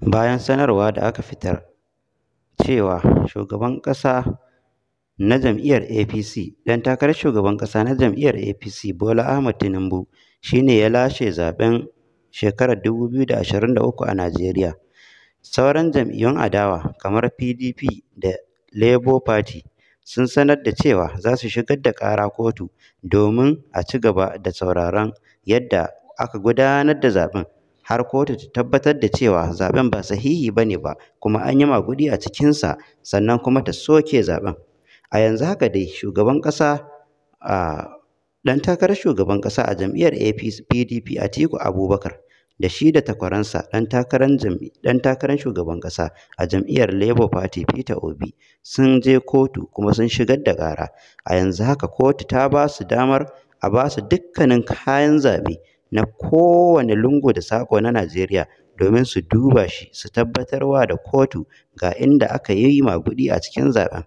bayan sanarwa da aka fitar cewa shugaban ƙasa na jam'iyyar APC ɗan takarar shugaban ƙasa na jam'iyyar APC Bola Ahmed Tinubu shine ya lashe zaben shekarar 2023 a Najeriya. Sauran jam'iyyun adawa kamar PDP da Labour Party sun sanar da cewa za su shigar da ƙara kotu domin a ci gaba da sauraron yadda aka gudanar da zaben. har kotu ta tabbatar da cewa zaben ba sahihi ba ne ba kuma an yi magudi a cikinsa sannan kuma ta soke zaben. A yanzu haka dai shugaban ƙasa ɗan takarar shugaban ƙasa a jam'iyyar PDP Atiku Abubakar da shi da takwaransa ɗan takarar shugaban ƙasa a jam'iyyar Labour Party Peter Obi sun je kotu kuma sun shigar da ƙara. A yanzu haka kotu ta ba su damar a ba su dukkanin kayan zaɓe na kowane lungu da sako na Najeriya domin su duba shi su tabbatarwa da kotu ga inda aka yi magudi a cikin zaɓen.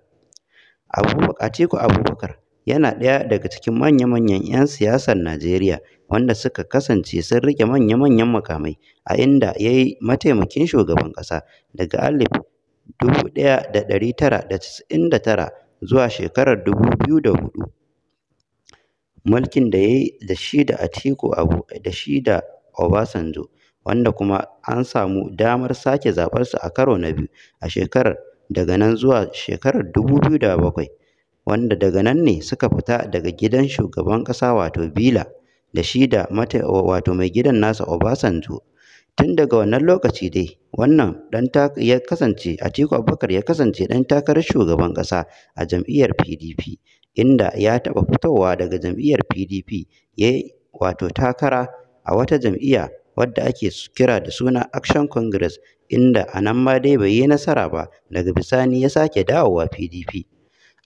Atiku Abubakar yana ɗaya daga cikin manya-manyan 'yan siyasar Najeriya wanda suka kasance sun rike manya-manyan makamai a inda ya yi mataimakin shugaban ƙasa daga alif da tara zuwa shekarar dubu da 2004. mulkin da ya yi da shi da Atiku abu da shi da Obasanjo, wanda kuma an samu damar sake zaɓarsa a karo na biyu a shekarar daga nan zuwa shekarar 2007, wanda daga nan ne suka fita daga gidan shugaban ƙasa wato Bila da shi da wato mai gidan nasa Obasanjo. Tun daga wannan lokaci dai wannan dan ya kasance Atiku Abubakar ya kasance dan takarar shugaban ƙasa a jam'iyyar PDP. inda ya taɓa fitowa daga jam'iyyar PDP ya yi wato takara a wata jam'iyya wadda ake kira da suna Action Congress inda a nan ma dai bai yi nasara ba daga bisani ya sake dawowa PDP.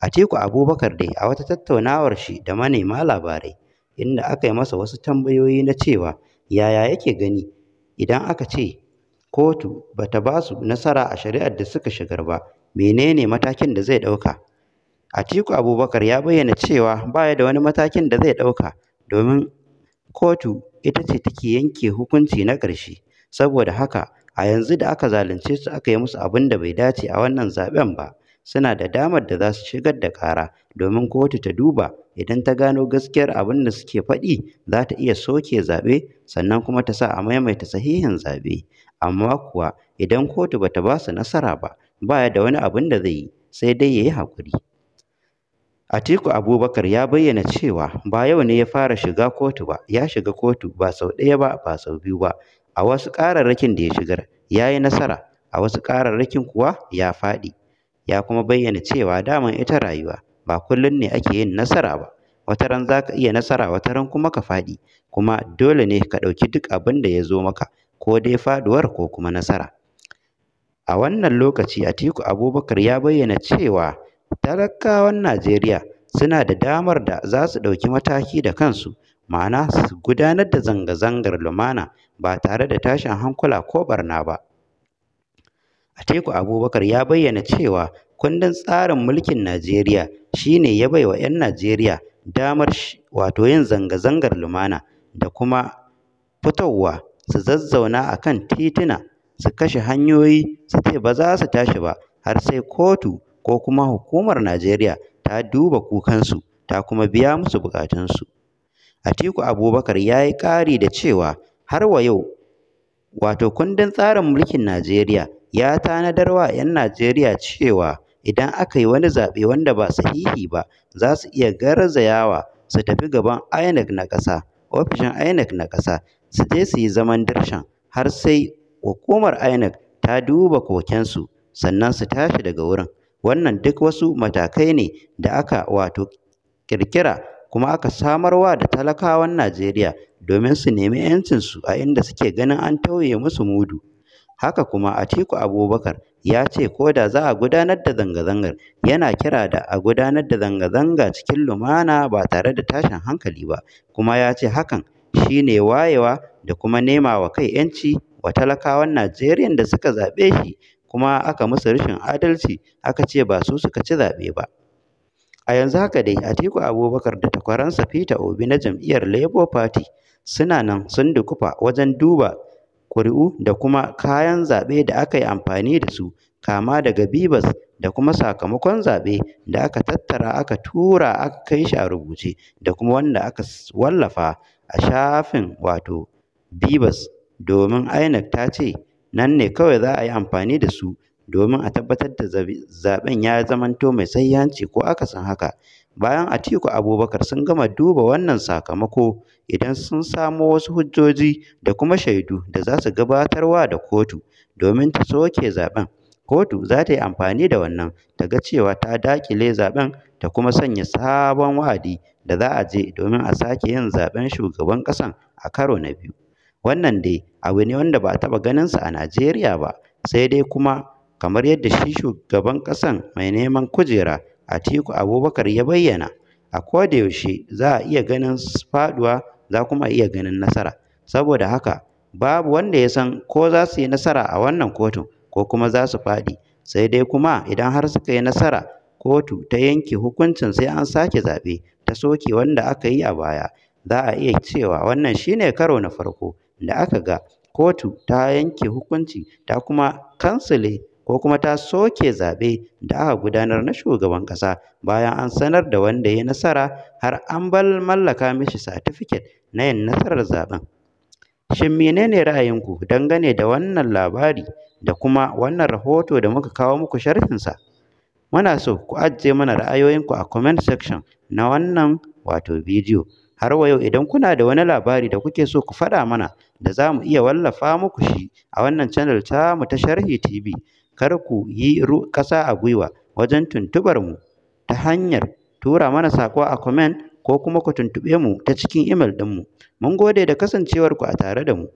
Atiku Abubakar dai a wata tattaunawar shi da manema labarai inda aka yi masa wasu tambayoyi na cewa yaya yake gani idan aka ce kotu bata ta ba su nasara a shari'ar da suka shigar ba, menene matakin da zai ɗauka? Atiku Abubakar ya bayyana cewa ba ya da wani matakin da zai ɗauka domin kotu ita ce take yanke hukunci na ƙarshe. Saboda haka a yanzu da aka zalunce su aka yi musu abin da bai dace a wannan zaɓen ba, suna da damar da za su shigar da ƙara domin kotu ta duba idan ta gano gaskiyar abin da suke faɗi za ta iya soke zaɓe sannan kuma ta sa a maimaita sahihin zaɓe. Amma kuwa idan kotu ba ta ba su nasara ba, baya da wani abin da zai yi sai dai ya yi haƙuri. Atiku Abubakar ya bayyana cewa ba yau ne ya fara shiga kotu ba, ya shiga kotu ba sau ɗaya ba, ba sau biyu ba. A wasu ƙararrakin da ya shigar, ya yi nasara, a wasu ƙararrakin kuwa ya faɗi. Ya kuma bayyana cewa daman ita rayuwa ba kullum ne ake yin nasara ba, Wata ran za ka iya nasara wata ran kuma ka faɗi, kuma dole ne ka ɗauki duk abin da ya zo maka, ko dai faɗuwar ko kuma nasara. A wannan lokaci Atiku Abubakar ya bayyana cewa Talakawan Najeriya suna da damar da za su ɗauki mataki da kansu, ma'ana su gudanar da zanga-zangar lumana ba tare da tashin hankula ko ɓarna ba. Atiku Abubakar ya bayyana cewa kundin tsarin mulkin Najeriya shi ne ya bai wa 'yan Najeriya damar wato yin zanga-zangar lumana da kuma fitowa su zazzauna a kan tituna, su kashe hanyoyi, su ce ba za su tashi ba har sai kotu ko kuma Hukumar Najeriya ta duba kukansu ta kuma biya musu buƙatunsu. Atiku Abubakar ya yi ƙari da cewa har wa yau wato kundin tsarin mulkin Najeriya ya tanadar wa 'yan Najeriya cewa idan aka yi wani zaɓe wanda ba sahihi ba za su iya garzayawa su tafi gaban INEC na ƙasa, ofishin INEC na ƙasa su je su yi zaman dirshan har sai hukumar INEC ta duba kokensu sannan su tashi daga wurin. Wannan duk wasu matakai ne da aka wato ƙirƙira kuma aka samarwa da talakawan Najeriya domin su nemi 'yancinsu a inda suke ganin an tauye musu mudu. Haka kuma Atiku Abubakar ya ce ko da za a gudanar da zanga-zangar, yana kira da a gudanar da zanga-zanga cikin lumana ba tare da tashin hankali ba, kuma ya ce hakan shi ne wayewa da kuma nema wa kai 'yanci wa talakawan Najeriya da suka zaɓe shi kuma aka musu rashin adalci aka ce ba su suka ci zaɓe ba. A yanzu haka dai Atiku Abubakar da takwaransa Peter Obi na jam'iyyar Labour Party suna nan sun dukufa wajen duba ƙuri'u da kuma kayan zaɓe da aka yi amfani da su kama daga bibas da kuma sakamakon zaɓe da aka tattara aka tura aka kai shi a rubuce da kuma wanda aka wallafa a shafin wato bibas domin INEC ta ce nan ne kawai za a yi amfani da su domin a tabbatar da zaben ya zamanto mai sahihanci ko akasin haka. Bayan Atiku Abubakar sun gama duba wannan sakamako, idan sun samo wasu hujjoji da kuma shaidu da za su gabatarwa da kotu domin ta soke zaben, kotu za ta yi amfani da wannan ta ga cewa ta dakile zaben, ta kuma sanya sabon wa'adi da za a je domin a sake yin zaben shugaban ƙasan a karo na biyu. Wannan dai abu ne wanda ba a taɓa ganinsa a Najeriya ba, sai dai kuma kamar yadda shi shugaban ƙasan mai neman kujera Atiku Abubakar ya bayyana, a kodayaushe za a iya ganin faɗuwa za kuma iya ganin nasara. Saboda haka, babu wanda ya san ko za su yi nasara a wannan kotun ko kuma za su faɗi, sai dai kuma idan har suka yi nasara, kotu ta yanke hukuncin sai an sake zaɓe ta soke wanda aka yi a baya. Za a iya cewa wannan shi ne karo na farko da aka ga kotu ta yanke hukunci ta kuma kansile ko kuma ta soke zaɓe da aka gudanar na shugaban ƙasa bayan an sanar da wanda ya yi nasara har an mallaka mishi satifiket na yin nasarar zaɓen. Shin menene ra'ayinku dangane da wannan labari da kuma wannan rahoto da muka kawo muku sharhinsa? Muna so ku ajiye mana ra'ayoyinku a comment section na wannan wato bidiyo. Har wa yau idan kuna da wani labari da kuke so ku faɗa mana da za mu iya wallafa muku shi a wannan channel mu ta Sharhi TV, kar ku yi ƙasa a gwiwa wajen tuntuɓar mu ta hanyar tura mana saƙo a comment ko kuma ku tuntuɓe mu ta cikin email mu, Mun gode da kasancewarku a tare da mu.